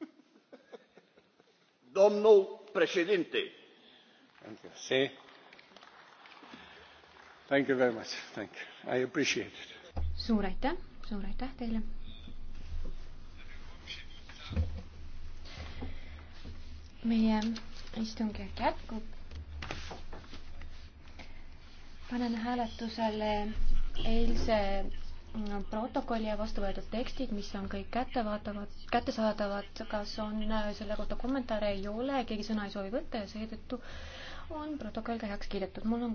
domnul președinte suur aitäh suur aitäh teile! meie istungjärk jätkub. panen hääletusele eilse protokolli ja vastu võetud tekstid, mis on kõik kättevaatavad, kättesaadavad, kas on äh, selle kohta kommentaare, ei ole, keegi sõna ei soovi võtta ja seetõttu on protokoll ka heaks kiidetud. mul on ka